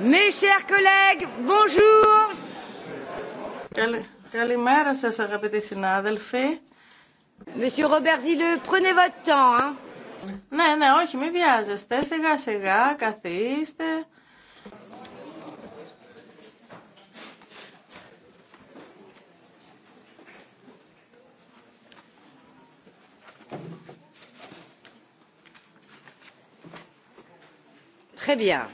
Mes chers collègues, bonjour. καλημέρα σας αγαπητοί συνάδελφοι. Monsieur Robert Zille, prenez votre temps. Hein. Ναι, ναι, όχι, μην βιάζεστε. Σιγά σιγά, καθίστε. Très bien.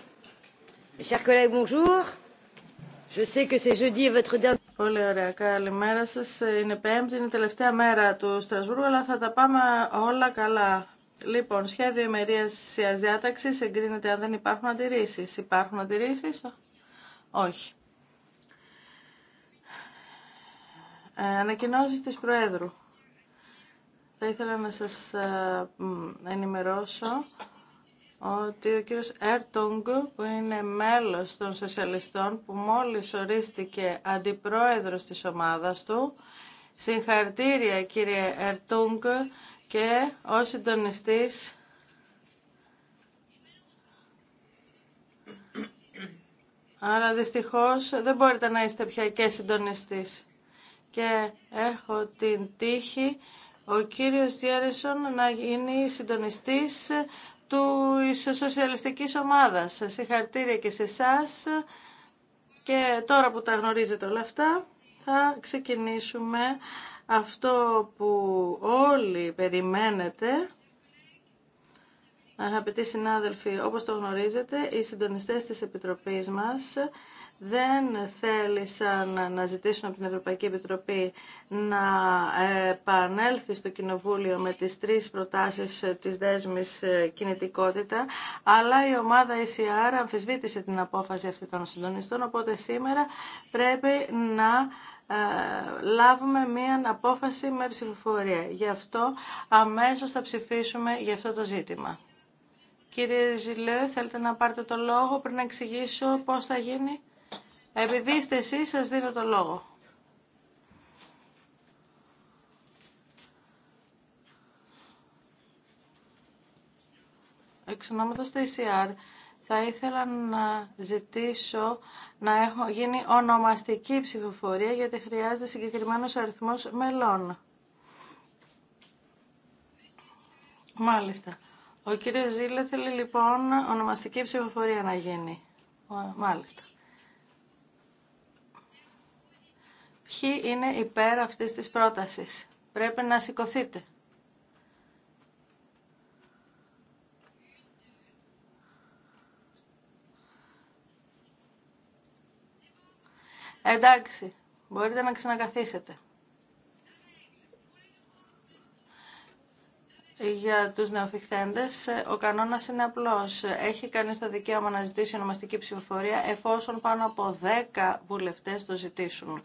Πολύ ωραία. Καλημέρα σα. Είναι Πέμπτη, είναι η τελευταία μέρα του Στρασβούργου, αλλά θα τα πάμε όλα καλά. Λοιπόν, σχέδιο τη διάταξη εγκρίνεται αν δεν υπάρχουν αντιρρήσει. Υπάρχουν αντιρρήσει, Όχι. Ε, Ανακοινώσει τη Προέδρου. Θα ήθελα να σα ε, ενημερώσω ότι ο κύριος Έρτογκ που είναι μέλος των σοσιαλιστών που μόλις ορίστηκε αντιπρόεδρος της ομάδας του συγχαρητήρια κύριε Ερτούγκ και ο συντονιστής Άρα δυστυχώς δεν μπορείτε να είστε πια και συντονιστής. Και έχω την τύχη ο κύριος Διέρεσον να γίνει συντονιστής του σοσιαλιστικής ομάδας. Συγχαρητήρια και σε εσά. Και τώρα που τα γνωρίζετε όλα αυτά, θα ξεκινήσουμε αυτό που όλοι περιμένετε. Αγαπητοί συνάδελφοι, όπως το γνωρίζετε, οι συντονιστές της Επιτροπής μας δεν θέλησαν να ζητήσουν από την Ευρωπαϊκή Επιτροπή να επανέλθει στο Κοινοβούλιο με τις τρεις προτάσεις της δέσμης ε, κινητικότητα, αλλά η ομάδα ECR ε αμφισβήτησε την απόφαση αυτή των συντονιστών, οπότε σήμερα πρέπει να ε, λάβουμε μία απόφαση με ψηφοφορία. Γι' αυτό αμέσως θα ψηφίσουμε για αυτό το ζήτημα. Κύριε Ζηλέ, θέλετε να πάρετε το λόγο πριν να εξηγήσω πώς θα γίνει. Επειδή είστε εσείς, σας δίνω το λόγο. Εξ ονόματος του ECR, θα ήθελα να ζητήσω να έχω γίνει ονομαστική ψηφοφορία γιατί χρειάζεται συγκεκριμένος αριθμός μελών. Μάλιστα. Ο κύριος Ζήλε θέλει λοιπόν ονομαστική ψηφοφορία να γίνει. Μάλιστα. Ποιοι είναι υπέρ αυτής της πρότασης. Πρέπει να σηκωθείτε. Εντάξει, μπορείτε να ξανακαθίσετε. Για τους νεοφυχθέντες, ο κανόνας είναι απλός. Έχει κάνει το δικαίωμα να ζητήσει ονομαστική ψηφοφορία εφόσον πάνω από 10 βουλευτές το ζητήσουν.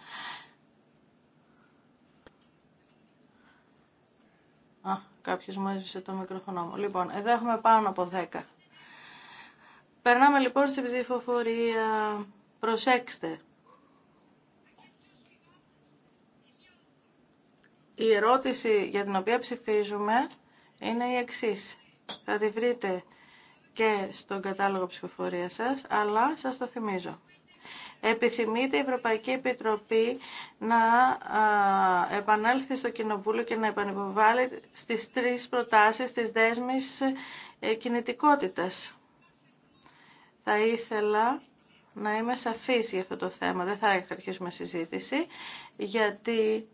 Κάποιος μου έσβησε το μικρόφωνο μου. Λοιπόν, εδώ έχουμε πάνω από 10. Περνάμε λοιπόν στην ψηφοφορία. Προσέξτε. Η ερώτηση για την οποία ψηφίζουμε είναι η εξής. Θα τη βρείτε και στον κατάλογο ψηφοφορία σας, αλλά σας το θυμίζω. Επιθυμείται η Ευρωπαϊκή Επιτροπή να επανέλθει στο Κοινοβούλιο και να επανεπιβάλλει στις τρεις προτάσεις της δέσμης ε, κινητικότητας. Θα ήθελα να είμαι σαφής για αυτό το θέμα. Δεν θα αρχίσουμε συζήτηση, γιατί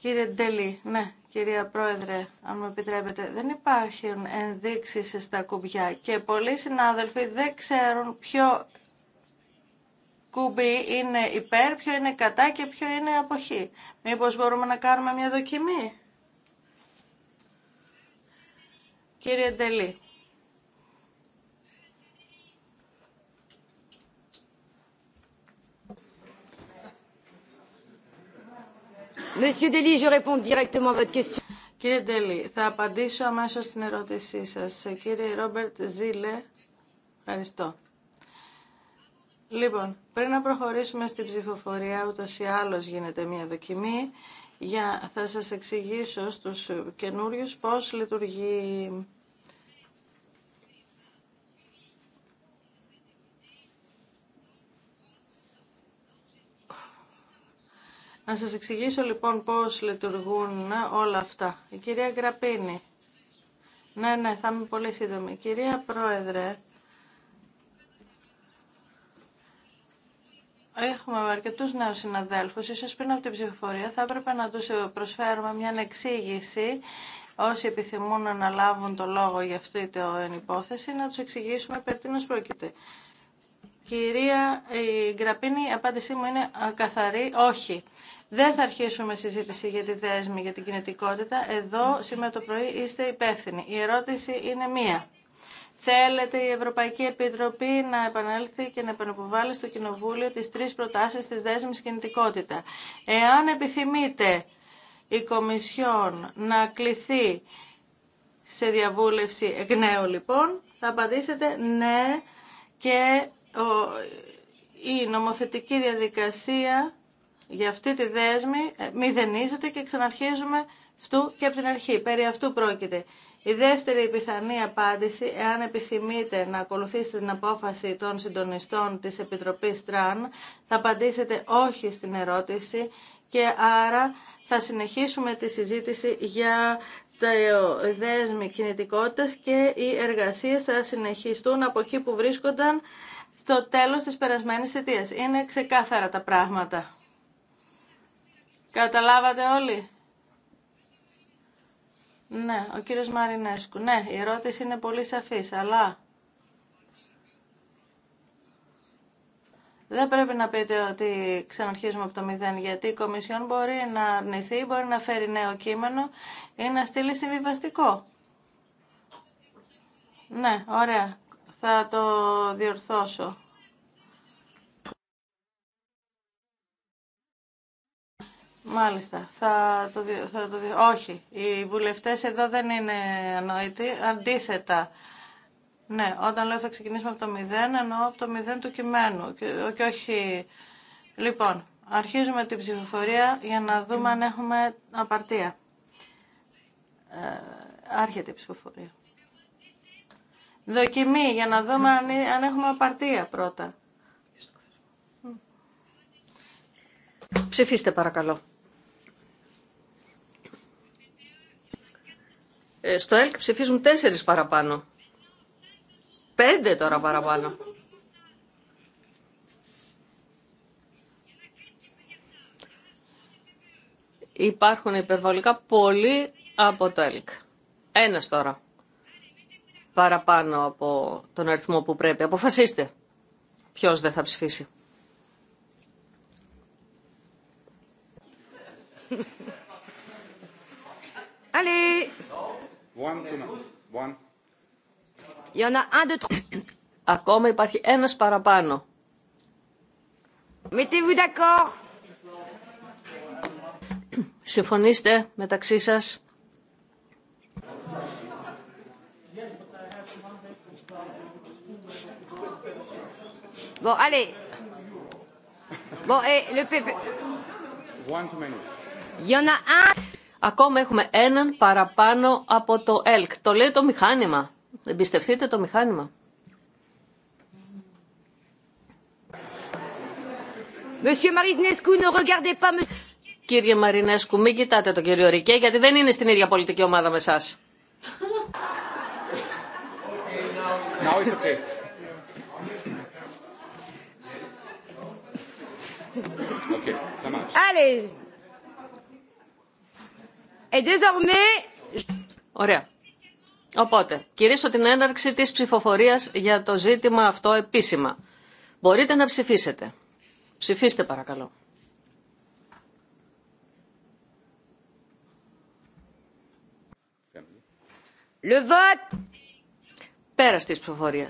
Κύριε Ντελή, ναι, κυρία Πρόεδρε, αν μου επιτρέπετε, δεν υπάρχουν ενδείξεις στα κουμπιά και πολλοί συνάδελφοι δεν ξέρουν ποιο κουμπί είναι υπέρ, ποιο είναι κατά και ποιο είναι αποχή. Μήπως μπορούμε να κάνουμε μια δοκιμή. Κύριε Ντελή, Monsieur je réponds directement à votre question. Κύριε Ντέλη, θα απαντήσω αμέσως στην ερώτησή σας. Κύριε Ρόμπερτ Ζήλε, ευχαριστώ. Λοιπόν, πριν να προχωρήσουμε στην ψηφοφορία, ούτως ή άλλως γίνεται μια δοκιμή, για, θα σας εξηγήσω στους καινούριου πώς λειτουργεί Να σας εξηγήσω λοιπόν πώς λειτουργούν όλα αυτά. Η κυρία Γραπίνη. Ναι, ναι, θα είμαι πολύ σύντομη. Κυρία Πρόεδρε, Έχουμε αρκετού νέου συναδέλφου. σω πριν από την ψηφοφορία θα έπρεπε να του προσφέρουμε μια εξήγηση όσοι επιθυμούν να λάβουν το λόγο για αυτή την υπόθεση, να του εξηγήσουμε περί τίνο πρόκειται. Κυρία Γκραπίνη, η απάντησή μου είναι καθαρή όχι. Δεν θα αρχίσουμε συζήτηση για τη δέσμη, για την κινητικότητα. Εδώ σήμερα το πρωί είστε υπεύθυνοι. Η ερώτηση είναι μία. Θέλετε η Ευρωπαϊκή Επιτροπή να επανέλθει και να επαναποβάλει στο Κοινοβούλιο τις τρεις προτάσεις της δέσμης κινητικότητα. Εάν επιθυμείτε η Κομισιόν να κληθεί σε διαβούλευση εκ νέου λοιπόν, θα απαντήσετε ναι και ο η νομοθετική διαδικασία για αυτή τη δέσμη ε, μηδενίζεται και ξαναρχίζουμε αυτού και από την αρχή. Περί αυτού πρόκειται. Η δεύτερη πιθανή απάντηση, εάν επιθυμείτε να ακολουθήσετε την απόφαση των συντονιστών της Επιτροπής Τραν, θα απαντήσετε όχι στην ερώτηση και άρα θα συνεχίσουμε τη συζήτηση για τα δέσμη κινητικότητας και οι εργασίες θα συνεχιστούν από εκεί που βρίσκονταν το τέλος της περασμένης θητείας. Είναι ξεκάθαρα τα πράγματα. Καταλάβατε όλοι. Ναι, ο κύριος Μαρινέσκου. Ναι, η ερώτηση είναι πολύ σαφής, αλλά... Δεν πρέπει να πείτε ότι ξαναρχίζουμε από το μηδέν, γιατί η Κομισιόν μπορεί να αρνηθεί, μπορεί να φέρει νέο κείμενο ή να στείλει συμβιβαστικό. Ναι, ωραία. Θα το διορθώσω. Μάλιστα. Θα το, Όχι. Οι βουλευτές εδώ δεν είναι ανόητοι. Αντίθετα. Ναι, όταν λέω θα ξεκινήσουμε από το 0, εννοώ από το 0 του κειμένου. Και, και όχι... Λοιπόν, αρχίζουμε την ψηφοφορία για να δούμε αν έχουμε απαρτία. Ε, άρχεται η ψηφοφορία δοκιμή για να δούμε αν έχουμε απαρτία πρώτα. Ψηφίστε παρακαλώ. Ε, στο ΕΛΚ ψηφίζουν τέσσερις παραπάνω. Πέντε τώρα παραπάνω. Υπάρχουν υπερβολικά πολλοί από το ΕΛΚ. Ένας τώρα παραπάνω από τον αριθμό που πρέπει. Αποφασίστε ποιος δεν θα ψηφίσει. άντε. Ακόμα υπάρχει ένας Συμφωνήστε μεταξύ σας. Bon, allez. Bon, et le PP. Il y en a un. Ακόμα έχουμε έναν παραπάνω από το ΕΛΚ. Το λέει το μηχάνημα. Εμπιστευτείτε το μηχάνημα. Κύριε Μαρινέσκου, μην κοιτάτε τον κύριο Ρικέ, γιατί δεν είναι στην ίδια πολιτική ομάδα με εσάς. now it's Allez. Et désormais... Ωραία. Οπότε, κηρύσω την έναρξη της ψηφοφορίας για το ζήτημα αυτό επίσημα. Μπορείτε να ψηφίσετε. Ψηφίστε παρακαλώ. Le vote Πέρα τη ψηφοφορία.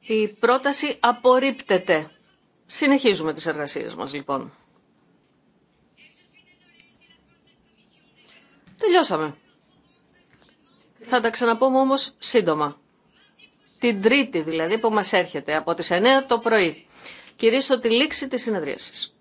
Η πρόταση απορρίπτεται. Συνεχίζουμε τις εργασίες μας λοιπόν. Τελειώσαμε. Θα τα ξαναπούμε όμως σύντομα. Την τρίτη δηλαδή που μας έρχεται από τις 9 το πρωί. Κυρίσω τη λήξη της συνεδρίασης.